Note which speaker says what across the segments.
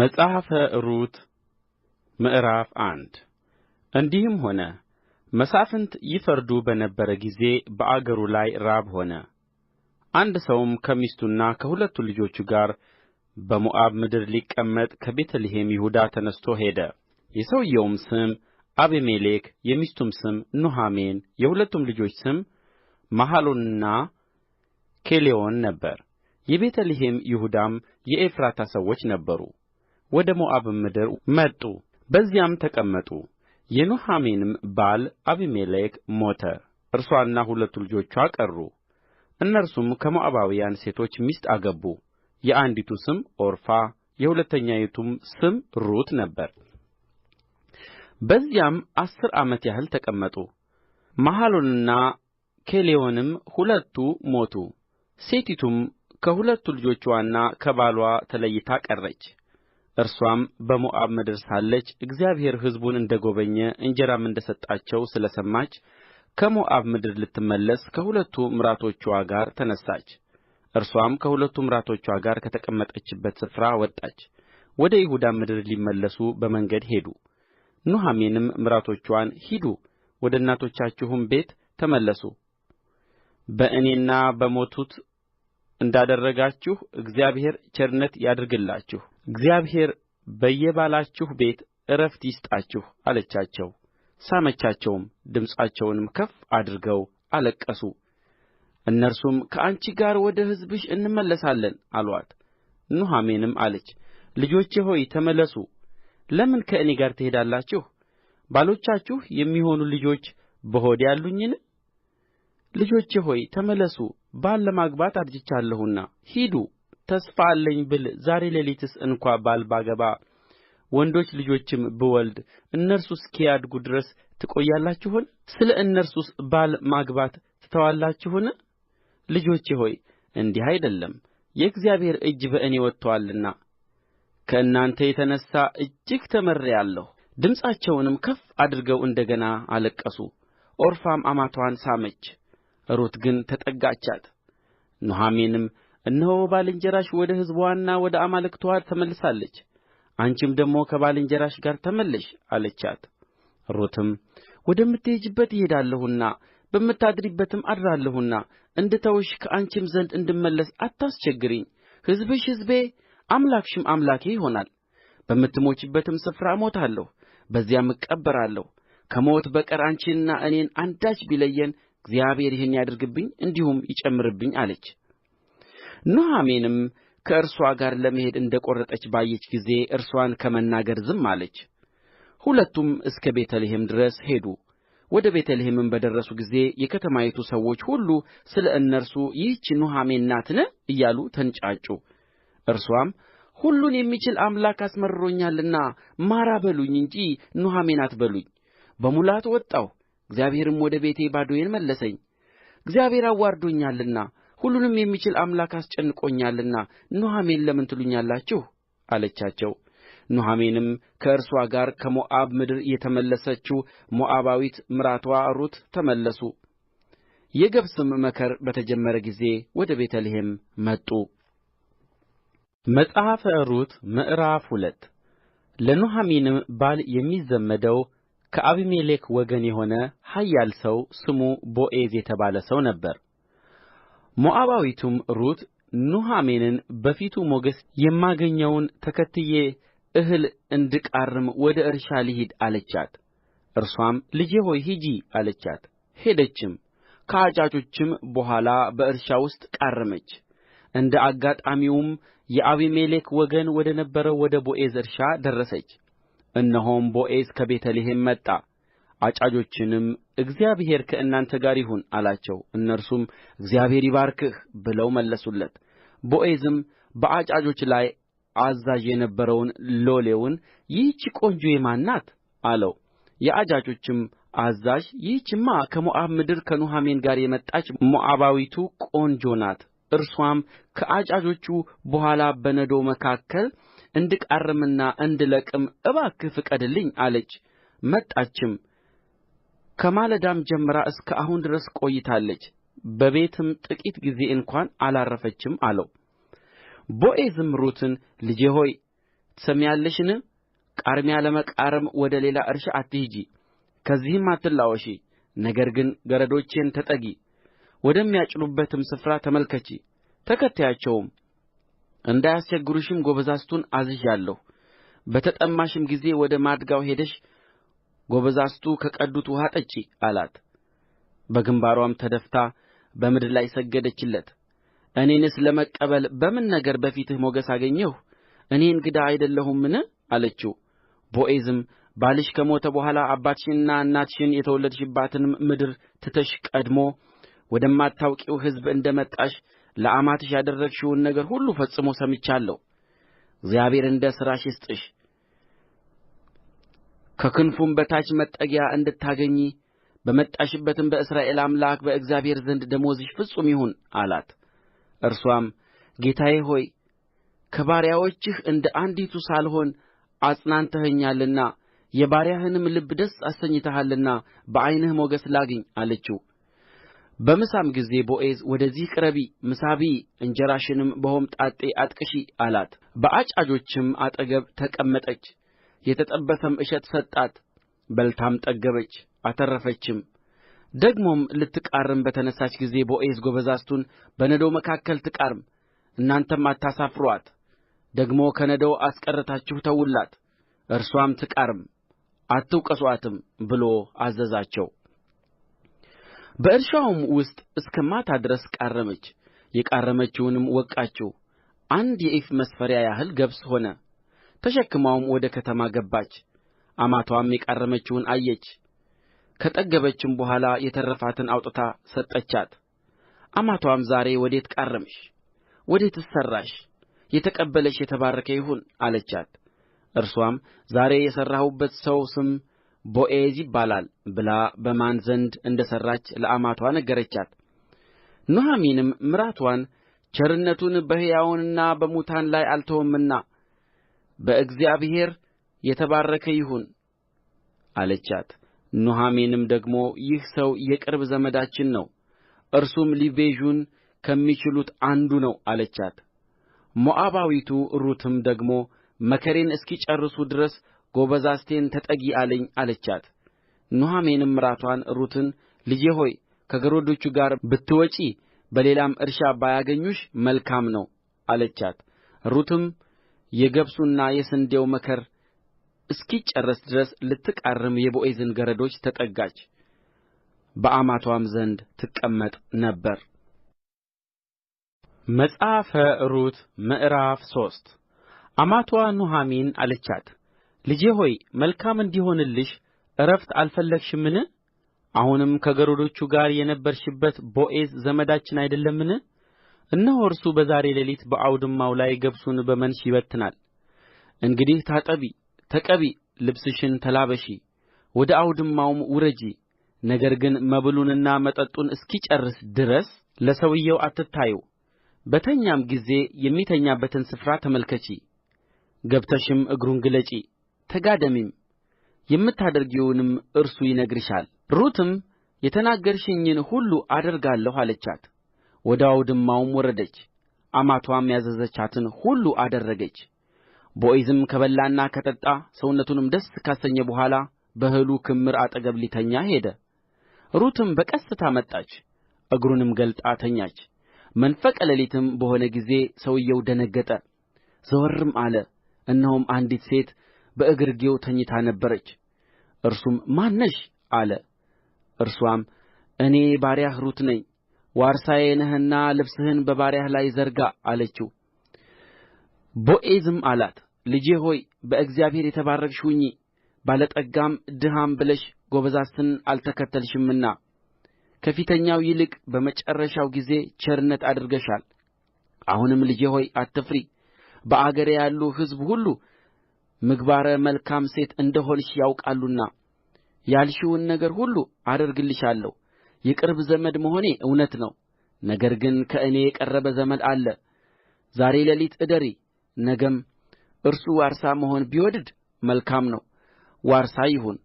Speaker 1: መጽሐፈ ሩት ምዕራፍ አንድ እንዲህም ሆነ መሳፍንት ይፈርዱ በነበረ ጊዜ በአገሩ ላይ ራብ ሆነ። አንድ ሰውም ከሚስቱና ከሁለቱ ልጆቹ ጋር በሞዓብ ምድር ሊቀመጥ ከቤተ ልሔም ይሁዳ ተነሥቶ ሄደ። የሰውየውም ስም አቤሜሌክ፣ የሚስቱም ስም ኑኃሚን፣ የሁለቱም ልጆች ስም መሐሎንና ኬሌዎን ነበር። የቤተ ልሔም ይሁዳም የኤፍራታ ሰዎች ነበሩ። ወደ ሞዓብም ምድር መጡ በዚያም ተቀመጡ የኑኃሚንም ባል አቢሜሌክ ሞተ እርሷና ሁለቱ ልጆቿ ቀሩ እነርሱም ከሞዓባውያን ሴቶች ሚስት አገቡ የአንዲቱ ስም ዖርፋ የሁለተኛይቱም ስም ሩት ነበር በዚያም አሥር ዓመት ያህል ተቀመጡ መሐሎንና ኬሌዎንም ሁለቱ ሞቱ ሴቲቱም ከሁለቱ ልጆቿና ከባሏ ተለይታ ቀረች እርስዋም በሞዓብ ምድር ሳለች እግዚአብሔር ሕዝቡን እንደ ጐበኘ እንጀራም እንደ ሰጣቸው ስለ ሰማች ከሞዓብ ምድር ልትመለስ ከሁለቱ ምራቶችዋ ጋር ተነሣች። እርስዋም ከሁለቱ ምራቶችዋ ጋር ከተቀመጠችበት ስፍራ ወጣች፣ ወደ ይሁዳም ምድር ሊመለሱ በመንገድ ሄዱ። ኑኃሚንም ምራቶችዋን ሂዱ፣ ወደ እናቶቻችሁም ቤት ተመለሱ በእኔና በሞቱት እንዳደረጋችሁ እግዚአብሔር ቸርነት ያድርግላችሁ እግዚአብሔር በየባላችሁ ቤት ዕረፍት ይስጣችሁ አለቻቸው። ሳመቻቸውም፣ ድምፃቸውንም ከፍ አድርገው አለቀሱ። እነርሱም ከአንቺ ጋር ወደ ሕዝብሽ እንመለሳለን አሏት። ኑኃሚንም አለች፣ ልጆቼ ሆይ ተመለሱ። ለምን ከእኔ ጋር ትሄዳላችሁ? ባሎቻችሁ የሚሆኑ ልጆች በሆዴ ያሉኝን? ልጆቼ ሆይ ተመለሱ፣ ባል ለማግባት አርጅቻለሁና ሂዱ ተስፋ አለኝ ብል ዛሬ ሌሊትስ እንኳ ባል ባገባ ወንዶች ልጆችም ብወልድ እነርሱ እስኪያድጉ ድረስ ትቆያላችሁን ስለ እነርሱስ ባል ማግባት ትተዋላችሁን ልጆቼ ሆይ እንዲህ አይደለም የእግዚአብሔር እጅ በእኔ ወጥቶአልና ከእናንተ የተነሣ እጅግ ተመርሬአለሁ። ድምፃቸውንም ከፍ አድርገው እንደ ገና አለቀሱ። ኦርፋም አማትዋን ሳመች፣ ሩት ግን ተጠጋቻት። ኑኃሚንም እነሆ ባልንጀራሽ ወደ ሕዝብዋና ወደ አማልክትዋ ተመልሳለች አንቺም ደግሞ ከባልንጀራሽ ጋር ተመለሽ አለቻት ሩትም ወደምትሄጂበት እሄዳለሁና በምታድሪበትም አድራለሁና እንድተውሽ ከአንቺም ዘንድ እንድመለስ አታስቸግሪኝ ሕዝብሽ ሕዝቤ አምላክሽም አምላኬ ይሆናል በምትሞችበትም ስፍራ እሞታለሁ በዚያም እቀበራለሁ ከሞት በቀር አንቺንና እኔን አንዳች ቢለየን እግዚአብሔር ይህን ያድርግብኝ እንዲሁም ይጨምርብኝ አለች ኑኃሚንም ከእርስዋ ጋር ለመሄድ እንደ ቈረጠች ባየች ጊዜ እርስዋን ከመናገር ዝም አለች ሁለቱም እስከ ቤተ ልሔም ድረስ ሄዱ ወደ ቤተ ልሔምም በደረሱ ጊዜ የከተማይቱ ሰዎች ሁሉ ስለ እነርሱ ይህች ኑኃሚን ናትን እያሉ ተንጫጩ እርስዋም ሁሉን የሚችል አምላክ አስመርሮኛልና ማራ በሉኝ እንጂ ኑኃሚን አትበሉኝ በሙላት ወጣሁ እግዚአብሔርም ወደ ቤቴ ባዶዬን መለሰኝ እግዚአብሔር አዋርዶኛልና ሁሉንም የሚችል አምላክ አስጨንቆኛልና ኑኃሚን ለምን ትሉኛላችሁ አለቻቸው ኑኃሚንም ከእርስዋ ጋር ከሞዓብ ምድር የተመለሰችው ሞዓባዊት ምራትዋ ሩት ተመለሱ የገብስም መከር በተጀመረ ጊዜ ወደ ቤተ ልሔም መጡ። መጽሐፈ ሩት ምዕራፍ ሁለት ለኑኃሚንም ባል የሚዘመደው ከአቢሜሌክ ወገን የሆነ ኃያል ሰው ስሙ ቦዔዝ የተባለ ሰው ነበር። ሞዓባዊቱም ሩት ኑኃሚንን በፊቱ ሞገስ የማገኘውን ተከትዬ እህል እንድቃርም ወደ እርሻ ልሂድ አለቻት እርስዋም ልጄ ሆይ ሂጂ አለቻት ሄደችም ከአጫጆችም በኋላ በእርሻ ውስጥ ቃረመች እንደ አጋጣሚውም የአቢሜሌክ ወገን ወደ ነበረው ወደ ቦዔዝ እርሻ ደረሰች እነሆም ቦዔዝ ከቤተ ልሔም መጣ አጫጆችንም እግዚአብሔር ከእናንተ ጋር ይሁን አላቸው እነርሱም እግዚአብሔር ይባርክህ ብለው መለሱለት ቦዔዝም በአጫጆች ላይ አዛዥ የነበረውን ሎሌውን ይህች ቆንጆ የማን ናት አለው የአጫጆችም አዛዥ ይህችማ ከሞዓብ ምድር ከኑኃሚን ጋር የመጣች ሞዓባዊቱ ቆንጆ ናት እርሷም ከአጫጆቹ በኋላ በነዶ መካከል እንድቃርምና እንድለቅም እባክህ ፍቀድልኝ አለች መጣችም ከማለዳም ጀምራ እስከ አሁን ድረስ ቆይታለች በቤትም ጥቂት ጊዜ እንኳ አላረፈችም አለው። ቦዔዝም ሩትን ልጄ ሆይ ትሰሚያለሽን? ቃርሚያ ለመቃረም ወደ ሌላ እርሻ አትሂጂ፣ ከዚህም አትላወሺ። ነገር ግን ገረዶቼን ተጠጊ፣ ወደሚያጭዱበትም ስፍራ ተመልከቺ፣ ተከተያቸውም። እንዳያስቸግሩሽም ጐበዛዝቱን አዝዣለሁ። በተጠማሽም ጊዜ ወደ ማድጋው ሄደሽ ጐበዛዝቱ ከቀዱት ውኃ ጠጪ አላት በግምባርዋም ተደፍታ በምድር ላይ ሰገደችለት እኔንስ ለመቀበል በምን ነገር በፊትህ ሞገስ አገኘሁ እኔ እንግዳ አይደለሁምን አለችው ቦዔዝም ባልሽ ከሞተ በኋላ አባትሽንና እናትሽን የተወለድሽባትንም ምድር ትተሽ ቀድሞ ወደማታውቂው ሕዝብ እንደ መጣሽ ለአማትሽ ያደረግሽውን ነገር ሁሉ ፈጽሞ ሰምቻለሁ እግዚአብሔር እንደ ሥራሽ ይስጥሽ ከክንፉም በታች መጠጊያ እንድታገኚ በመጣሽበትም በእስራኤል አምላክ በእግዚአብሔር ዘንድ ደመወዝሽ ፍጹም ይሁን አላት። እርሷም ጌታዬ ሆይ ከባሪያዎችህ እንደ አንዲቱ ሳልሆን አጽናንተኸኛልና የባሪያህንም ልብ ደስ አሰኝተሃልና በዐይንህ ሞገስ ላግኝ አለችው። በምሳም ጊዜ ቦዔዝ ወደዚህ ቅረቢ፣ ምሳ ብዪ፣ እንጀራሽንም በሆምጣጤ አጥቅሺ አላት። በአጫጆችም አጠገብ ተቀመጠች። የተጠበሰም እሸት ሰጣት በልታም ጠገበች አተረፈችም ደግሞም ልትቃርም በተነሣች ጊዜ ቦዔዝ ጐበዛዝቱን በነዶው መካከል ትቃርም እናንተም አታሳፍሩአት ደግሞ ከነዶው አስቀርታችሁ ተዉላት እርስዋም ትቃርም አትውቀሱአትም ብሎ አዘዛቸው በእርሻውም ውስጥ እስከ ማታ ድረስ ቃረመች የቃረመችውንም ወቃችው አንድ የኢፍ መስፈሪያ ያህል ገብስ ሆነ ተሸክማውም ወደ ከተማ ገባች አማትዋም የቃረመችውን አየች ከጠገበችም በኋላ የተረፋትን አውጥታ ሰጠቻት አማትዋም ዛሬ ወዴት ቃረምሽ ወዴትስ ሠራሽ የተቀበለሽ የተባረከ ይሁን አለቻት እርሷም ዛሬ የሠራሁበት ሰው ስም ቦዔዝ ይባላል ብላ በማን ዘንድ እንደ ሠራች ለአማትዋ ነገረቻት ኑኃሚንም ምራትዋን ቸርነቱን በሕያዋንና በሙታን ላይ አልተወምና በእግዚአብሔር የተባረከ ይሁን አለቻት ኑኃሚንም ደግሞ ይህ ሰው የቅርብ ዘመዳችን ነው እርሱም ሊቤዡን ከሚችሉት አንዱ ነው አለቻት ሞዓባዊቱ ሩትም ደግሞ መከሬን እስኪጨርሱ ድረስ ጐበዛዝቴን ተጠጊ አለኝ አለቻት ኑኃሚንም ምራቷን ሩትን ልጄ ሆይ ከገረዶቹ ጋር ብትወጪ በሌላም እርሻ ባያገኙሽ መልካም ነው አለቻት ሩትም የገብሱና የስንዴው መከር እስኪጨረስ ድረስ ልትቃርም የቦዔዝን ገረዶች ተጠጋች በአማትዋም ዘንድ ትቀመጥ ነበር። መጽሐፈ ሩት ምዕራፍ ሶስት አማትዋ ኑኃሚን አለቻት፣ ልጄ ሆይ መልካም እንዲሆንልሽ ዕረፍት አልፈለግሽምን? አሁንም ከገረዶቹ ጋር የነበርሽበት ቦዔዝ ዘመዳችን አይደለምን? እነሆ እርሱ በዛሬ ሌሊት በአውድማው ላይ ገብሱን በመንሽ ይበትናል እንግዲህ ታጠቢ ተቀቢ ልብስሽን ተላበሺ ወደ አውድማውም ውረጂ ነገር ግን መብሉንና መጠጡን እስኪጨርስ ድረስ ለሰውዮው አትታዪው በተኛም ጊዜ የሚተኛበትን ስፍራ ተመልከቺ ገብተሽም እግሩን ግለጪ ተጋደሚም የምታደርጊውንም እርሱ ይነግርሻል ሩትም የተናገርሽኝን ሁሉ አደርጋለሁ አለቻት ወደ አውድማውም ወረደች አማትዋም ያዘዘቻትን ሁሉ አደረገች ቦዔዝም ከበላና ከጠጣ ሰውነቱንም ደስ ካሰኘ በኋላ በእህሉ ክምር አጠገብ ሊተኛ ሄደ ሩትም በቀስታ መጣች እግሩንም ገልጣ ተኛች መንፈቀ ሌሊትም በሆነ ጊዜ ሰውየው ደነገጠ ዘወርም አለ እነሆም አንዲት ሴት በእግርጌው ተኝታ ነበረች እርሱም ማን ነሽ አለ እርሷም እኔ ባሪያህ ሩት ነኝ ዋርሳዬ ነህና ልብስህን በባሪያህ ላይ ዘርጋ አለችው ቦዔዝም አላት ልጄ ሆይ በእግዚአብሔር የተባረክሽ ሁኚ ባለጠጋም ድሃም ብለሽ ጐበዛዝትን አልተከተልሽምና ከፊተኛው ይልቅ በመጨረሻው ጊዜ ቸርነት አድርገሻል። አሁንም ልጄ ሆይ አትፍሪ፣ በአገሬ ያሉ ሕዝብ ሁሉ ምግባረ መልካም ሴት እንደሆንሽ ያውቃሉና ያልሽውን ነገር ሁሉ አደርግልሻለሁ የቅርብ ዘመድ መሆኔ እውነት ነው ነገር ግን ከእኔ የቀረበ ዘመድ አለ ዛሬ ሌሊት እደሪ ነገም እርሱ ዋርሳ መሆን ቢወድድ መልካም ነው ዋርሳ ይሁን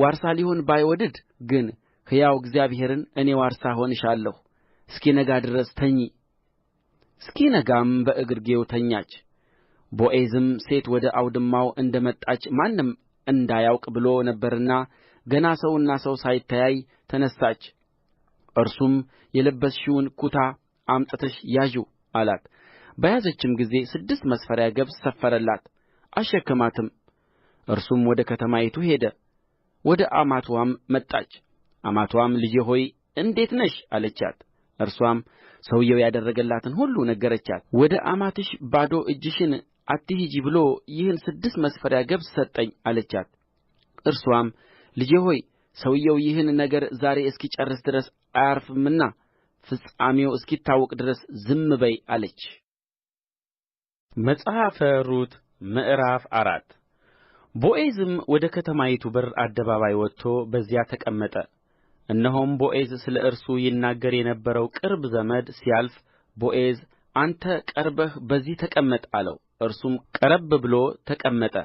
Speaker 1: ዋርሳ ሊሆን ባይወድድ ግን ሕያው እግዚአብሔርን እኔ ዋርሳ እሆንሻለሁ እስኪነጋ ድረስ ተኚ እስኪነጋም በእግርጌው ተኛች ቦዔዝም ሴት ወደ አውድማው እንደ መጣች ማንም እንዳያውቅ ብሎ ነበርና ገና ሰውና ሰው ሳይተያይ ተነሣች እርሱም የለበስሽውን ኩታ አምጥተሽ ያዢው አላት በያዘችም ጊዜ ስድስት መስፈሪያ ገብስ ሰፈረላት አሸከማትም እርሱም ወደ ከተማይቱ ሄደ ወደ አማትዋም መጣች አማትዋም ልጄ ሆይ እንዴት ነሽ አለቻት እርሷም ሰውዮው ያደረገላትን ሁሉ ነገረቻት ወደ አማትሽ ባዶ እጅሽን አትሂጂ ብሎ ይህን ስድስት መስፈሪያ ገብስ ሰጠኝ አለቻት እርሷም ልጄ ሆይ ሰውዮው ይህን ነገር ዛሬ እስኪጨርስ ድረስ አያርፍምና ፍጻሜው እስኪታወቅ ድረስ ዝም በዪ አለች መጽሐፈ ሩት ምዕራፍ አራት ቦዔዝም ወደ ከተማይቱ በር አደባባይ ወጥቶ በዚያ ተቀመጠ። እነሆም ቦዔዝ ስለ እርሱ ይናገር የነበረው ቅርብ ዘመድ ሲያልፍ ቦዔዝ አንተ ቀርበህ በዚህ ተቀመጥ አለው። እርሱም ቀረብ ብሎ ተቀመጠ።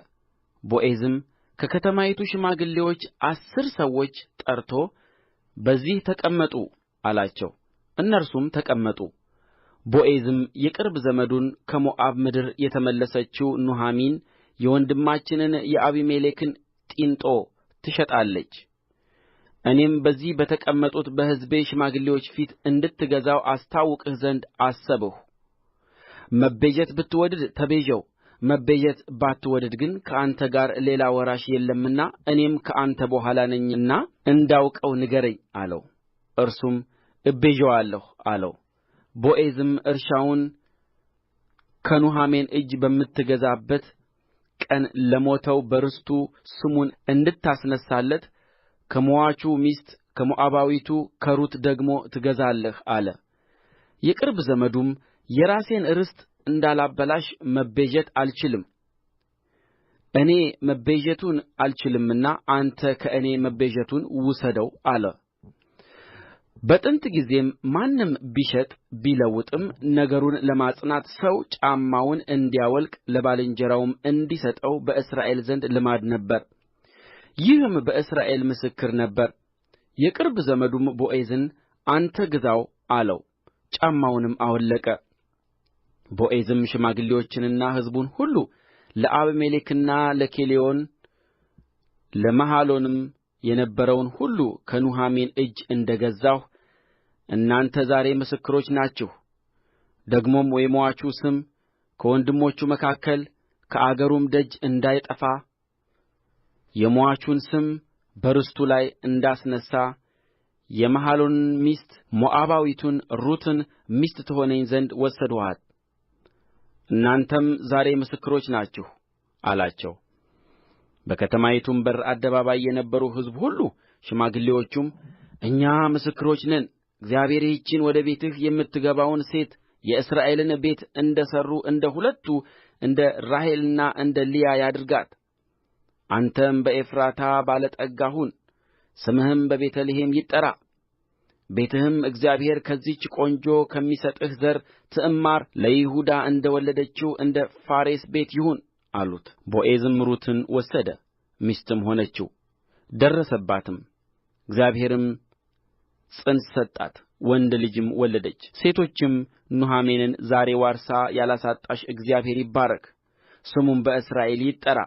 Speaker 1: ቦዔዝም ከከተማይቱ ሽማግሌዎች አስር ሰዎች ጠርቶ በዚህ ተቀመጡ አላቸው እነርሱም ተቀመጡ ቦዔዝም የቅርብ ዘመዱን ከሞዓብ ምድር የተመለሰችው ኑኃሚን የወንድማችንን የአቢሜሌክን ጢንጦ ትሸጣለች እኔም በዚህ በተቀመጡት በሕዝቤ ሽማግሌዎች ፊት እንድትገዛው አስታውቅህ ዘንድ አሰብሁ መቤዠት ብትወድድ ተቤዠው መቤዠት ባትወድድ ግን ከአንተ ጋር ሌላ ወራሽ የለምና እኔም ከአንተ በኋላ ነኝና እንዳውቀው ንገረኝ አለው እርሱም እቤዠዋለሁ አለው ቦዔዝም እርሻውን ከኑኃሚን እጅ በምትገዛበት ቀን ለሞተው በርስቱ ስሙን እንድታስነሣለት ከምዋቹ ሚስት ከሞዓባዊቱ ከሩት ደግሞ ትገዛለህ አለ የቅርብ ዘመዱም የራሴን ርስት እንዳላበላሽ መቤዠት አልችልም እኔ መቤዠቱን አልችልምና አንተ ከእኔ መቤዠቱን ውሰደው አለ በጥንት ጊዜም ማንም ቢሸጥ ቢለውጥም ነገሩን ለማጽናት ሰው ጫማውን እንዲያወልቅ ለባልንጀራውም እንዲሰጠው በእስራኤል ዘንድ ልማድ ነበረ ይህም በእስራኤል ምስክር ነበረ የቅርብ ዘመዱም ቦዔዝን አንተ ግዛው አለው ጫማውንም አወለቀ ቦዔዝም ሽማግሌዎችንና ሕዝቡን ሁሉ ለአቤሜሌክና ለኬሌዎን ለመሐሎንም የነበረውን ሁሉ ከኑኃሚን እጅ እንደ ገዛሁ እናንተ ዛሬ ምስክሮች ናችሁ። ደግሞም የሟቹ ስም ከወንድሞቹ መካከል ከአገሩም ደጅ እንዳይጠፋ የሟቹን ስም በርስቱ ላይ እንዳስነሣ የመሐሎንን ሚስት ሞዓባዊቱን ሩትን ሚስት ትሆነኝ ዘንድ ወሰድኋት። እናንተም ዛሬ ምስክሮች ናችሁ አላቸው በከተማይቱም በር አደባባይ የነበሩ ሕዝብ ሁሉ ሽማግሌዎቹም እኛ ምስክሮች ነን እግዚአብሔር ይህችን ወደ ቤትህ የምትገባውን ሴት የእስራኤልን ቤት እንደ ሠሩ እንደ ሁለቱ እንደ ራሔልና እንደ ልያ ያድርጋት አንተም በኤፍራታ ባለ ጠጋ ሁን ስምህም በቤተ ልሔም ይጠራ ቤትህም እግዚአብሔር ከዚህች ቆንጆ ከሚሰጥህ ዘር ትዕማር ለይሁዳ እንደ ወለደችው እንደ ፋሬስ ቤት ይሁን አሉት ቦዔዝም ሩትን ወሰደ ሚስትም ሆነችው ደረሰባትም እግዚአብሔርም ፅንስ ሰጣት ወንድ ልጅም ወለደች ሴቶችም ኑኃሚንን ዛሬ ዋርሳ ያላሳጣሽ እግዚአብሔር ይባረክ ስሙም በእስራኤል ይጠራ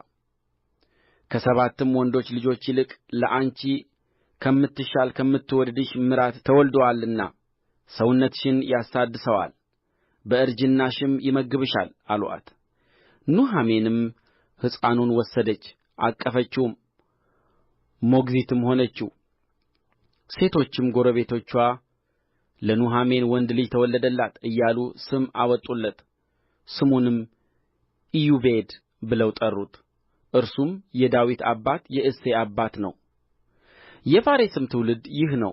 Speaker 1: ከሰባትም ወንዶች ልጆች ይልቅ ለአንቺ ከምትሻል ከምትወድድሽ ምራት ተወልዶአልና ሰውነትሽን ያሳድሰዋል በእርጅናሽም ይመግብሻል አሉአት ኑኃሚንም ሕፃኑን ወሰደች አቀፈችውም ሞግዚትም ሆነችው ሴቶችም ጎረቤቶቿ ለኑኃሚን ወንድ ልጅ ተወለደላት እያሉ ስም አወጡለት ስሙንም ኢዮቤድ ብለው ጠሩት እርሱም የዳዊት አባት የእሴይ አባት ነው የፋሬስም ትውልድ ይህ ነው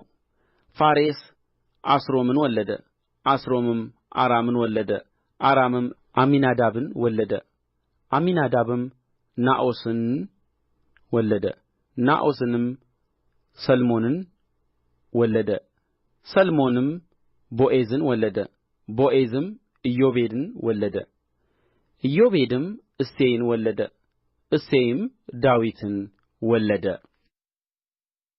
Speaker 1: ፋሬስ አስሮምን ወለደ አስሮምም አራምን ወለደ አራምም አሚናዳብን ወለደ አሚናዳብም ናኦስን ወለደ ናኦስንም ሰልሞንን ወለደ ሰልሞንም ቦዔዝን ወለደ ቦዔዝም ኢዮቤድን ወለደ ኢዮቤድም እሴይን ወለደ እሴይም ዳዊትን ወለደ